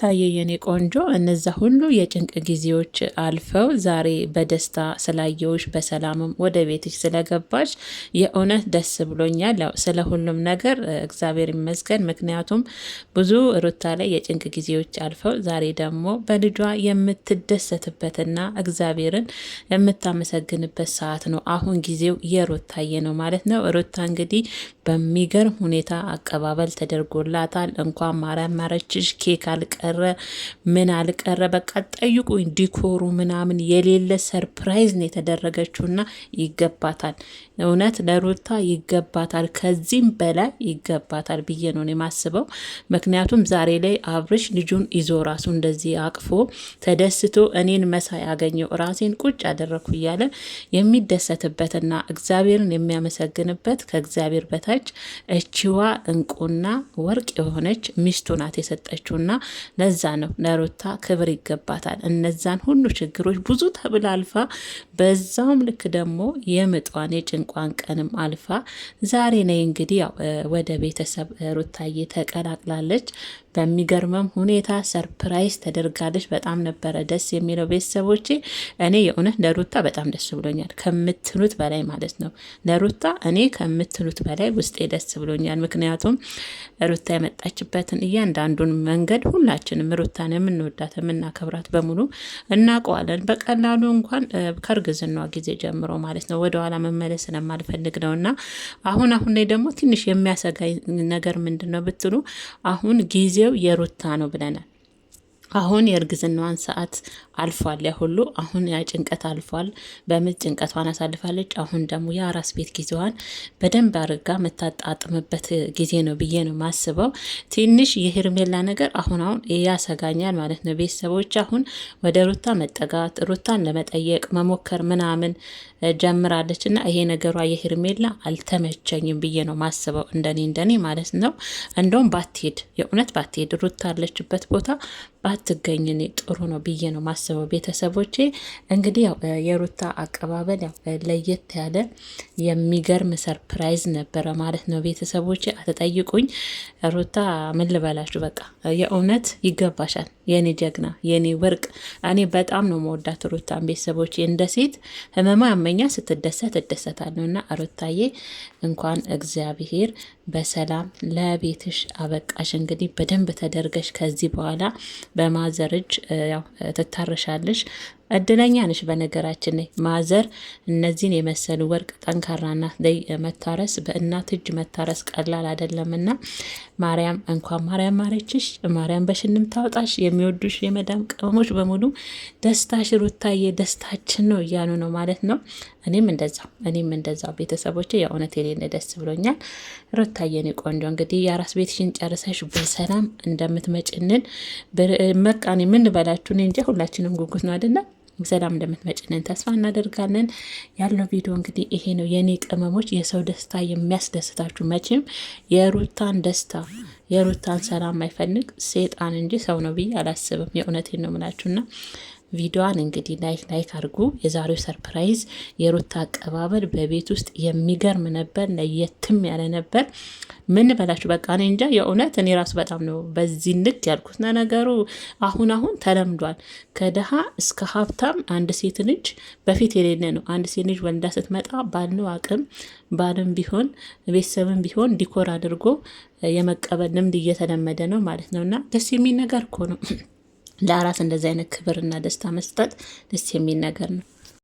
ታየ የኔ ቆንጆ እነዛ ሁሉ የጭንቅ ጊዜዎች አልፈው ዛሬ በደስታ ስላየውሽ በሰላምም ወደ ቤትሽ ስለገባሽ የእውነት ደስ ብሎኛል። ያው ስለ ሁሉም ነገር እግዚአብሔር ይመስገን። ምክንያቱም ብዙ ሩታ ላይ የጭንቅ ጊዜዎች አልፈው ዛሬ ደግሞ በልጇ የምትደሰትበትና እግዚአብሔርን የምታመሰግንበት ሰዓት ነው። አሁን ጊዜው የሩታየ ነው ማለት ነው። ሩታ እንግዲህ በሚገርም ሁኔታ አቀባበል ተደርጎላታል። እንኳን ማርያም ማረችሽ። ኬክ አልቀረ ምን አልቀረ በቃ ጠይቁኝ፣ ዲኮሩ ምናምን የሌለ ሰርፕራይዝ ነው የተደረገችውና ይገባታል። እውነት ለሩታ ይገባታል፣ ከዚህም በላይ ይገባታል ብዬ ነው የማስበው። ምክንያቱም ዛሬ ላይ አብርሽ ልጁን ይዞ ራሱ እንደዚህ አቅፎ ተደስቶ እኔን መሳይ አገኘው ራሴን ቁጭ አደረግኩ እያለ የሚደሰትበትና እግዚአብሔርን የሚያመሰግንበት ከእግዚአብሔር በታች ነበረች። እችዋ እንቁና ወርቅ የሆነች ሚስቱ ናት የሰጠችውና ለዛ ነው ለሩታ ክብር ይገባታል። እነዛን ሁሉ ችግሮች ብዙ ተብላ አልፋ በዛውም ልክ ደግሞ የምጧን የጭንቋን ቀንም አልፋ ዛሬ ነይ እንግዲህ ያው ወደ ቤተሰብ ሩታዬ ተቀላቅላለች። በሚገርመም ሁኔታ ሰርፕራይዝ ተደርጋለች። በጣም ነበረ ደስ የሚለው ቤተሰቦቼ። እኔ የእውነት ለሩታ በጣም ደስ ብሎኛል ከምትሉት በላይ ማለት ነው። ለሩታ እኔ ከምትሉት በላይ ውስጤ ደስ ብሎኛል። ምክንያቱም ሩታ የመጣችበትን እያንዳንዱን መንገድ ሁላችንም ሩታን የምንወዳት የምናከብራት በሙሉ እናውቀዋለን። በቀላሉ እንኳን ከእርግዝና ጊዜ ጀምሮ ማለት ነው ወደኋላ መመለስ ስለማልፈልግ ነው እና አሁን አሁን ላይ ደግሞ ትንሽ የሚያሰጋኝ ነገር ምንድን ነው ብትሉ አሁን ጊዜ ጊዜው የሩታ ነው ብለናል። አሁን የእርግዝናዋን ሰዓት አልፏል። ያ ሁሉ አሁን ያ ጭንቀት አልፏል። በምጥ ጭንቀቷን አሳልፋለች። አሁን ደግሞ የአራስ ቤት ጊዜዋን በደንብ አድርጋ የምታጣጥምበት ጊዜ ነው ብዬ ነው ማስበው። ትንሽ የሄርሜላ ነገር አሁን አሁን ያሰጋኛል ማለት ነው። ቤተሰቦች አሁን ወደ ሩታ መጠጋት፣ ሩታን ለመጠየቅ መሞከር ምናምን ጀምራለች እና ይሄ ነገሯ የሄርሜላ አልተመቸኝም ብዬ ነው ማስበው። እንደኔ እንደኔ ማለት ነው። እንደውም ባትሄድ የእውነት ባትሄድ ሩታ አለችበት ቦታ ባትገኝ እኔ ጥሩ ነው ብዬ ነው ማስበው። ቤተሰቦቼ እንግዲህ ያው የሩታ አቀባበል ያው ለየት ያለ የሚገርም ሰርፕራይዝ ነበረ ማለት ነው። ቤተሰቦቼ አትጠይቁኝ። ሩታ ምን ልበላችሁ፣ በቃ የእውነት ይገባሻል፣ የኔ ጀግና፣ የኔ ወርቅ። እኔ በጣም ነው መወዳት ሩታን ቤተሰቦቼ። እንደ ሴት ህመማ ያመኛ ስትደሰት እደሰታለሁ። እና ሩታዬ እንኳን እግዚአብሔር በሰላም ለቤትሽ አበቃሽ። እንግዲህ በደንብ ተደርገሽ ከዚህ በኋላ በማዘር እጅ ያው ትታረሻለሽ እድለኛ ነሽ። በነገራችን ላይ ማዘር እነዚህን የመሰሉ ወርቅ ጠንካራና መታረስ በእናት እጅ መታረስ ቀላል አይደለምና ማርያም እንኳን ማርያም ማረችሽ፣ ማርያም በሽንም ታውጣሽ። የሚወዱሽ የመዳም ቅመሞች በሙሉ ደስታሽ ሩታዬ ደስታችን ነው እያሉ ነው ማለት ነው። እኔም እንደዛ እኔም እንደዛው ቤተሰቦች የእውነት የሌለ ደስ ብሎኛል። ሩታዬን ቆንጆ እንግዲህ የአራስ ቤትሽን ጨርሰሽ በሰላም እንደምትመጭንን በቃ ምን ልበላችሁ እንጂ ሁላችንም ጉጉት ነው አይደለም ሰላም እንደምትመጭንን ተስፋ እናደርጋለን። ያለው ቪዲዮ እንግዲህ ይሄ ነው። የእኔ ቅመሞች፣ የሰው ደስታ የሚያስደስታችሁ መቼም የሩታን ደስታ የሩታን ሰላም አይፈልግ ሴጣን እንጂ ሰው ነው ብዬ አላስብም። የእውነቴን ነው ምላችሁና ቪዲዮዋን እንግዲህ ላይክ ላይክ አድርጉ። የዛሬው ሰርፕራይዝ የሩታ አቀባበል በቤት ውስጥ የሚገርም ነበር፣ ለየትም ያለ ነበር። ምን በላችሁ በቃ እኔ እንጃ የእውነት እኔ ራሱ በጣም ነው በዚህ ንግ ያልኩት። ነገሩ አሁን አሁን ተለምዷል። ከድሃ እስከ ሀብታም አንድ ሴት ልጅ በፊት የሌለ ነው። አንድ ሴት ልጅ ወልዳ ስትመጣ ባለው አቅም ባልም ቢሆን ቤተሰብም ቢሆን ዲኮር አድርጎ የመቀበል ልምድ እየተለመደ ነው ማለት ነው እና ደስ የሚል ነገር እኮ ነው። ለአራት እንደዚህ አይነት ክብርና ደስታ መስጠት ደስ የሚል ነገር ነው።